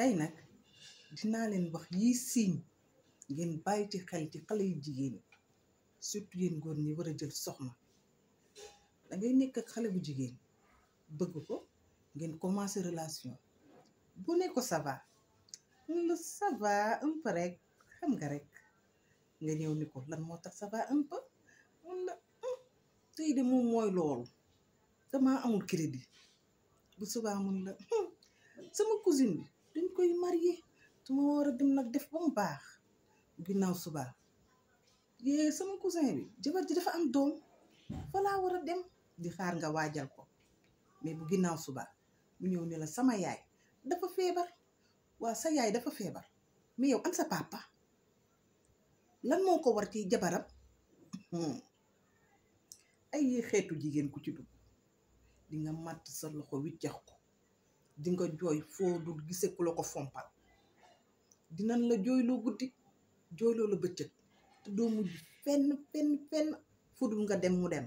tey nag dinaa leen wax yi siiñ ngeen bàyyi ci xel ci xale yu jigéen yi surtout yéen góor ñi war a jël soxna da ngay nekk ak xale bu jigéen bëgg ko ngeen commencé relation bu ne ko ça la lu ça va un rek xam nga rek nga ñëw ni ko lan moo tax ça va un mun la hmm, tey de moom mooy loolu damaa amul crédit bu subaa mun la hmm, sama cousine bi dañ koy marié su ma war a dem nag def ba mu baax ginnaaw suba yee sama cousin bi jabar ji dafa am doom fa laa war a dem di xaar nga waajal ko mais bu ginnaaw suba mu ñëw ni la sama yaay dafa feebar waa sa yaay dafa feebar mais yow am sa papa lan moo ko war ci jabaram hmm. ay xeetu jigéen ku ci dugg di nga màtt sa loxo wiccax ko di jooy foo du gisee ku la ko fompal dinañ la jooyloo guddi jooyloo la bëccëg te doo mujj fenn fenn fenn fu nga dem mu dem